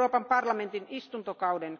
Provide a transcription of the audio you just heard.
euroopan parlamentin istuntokauden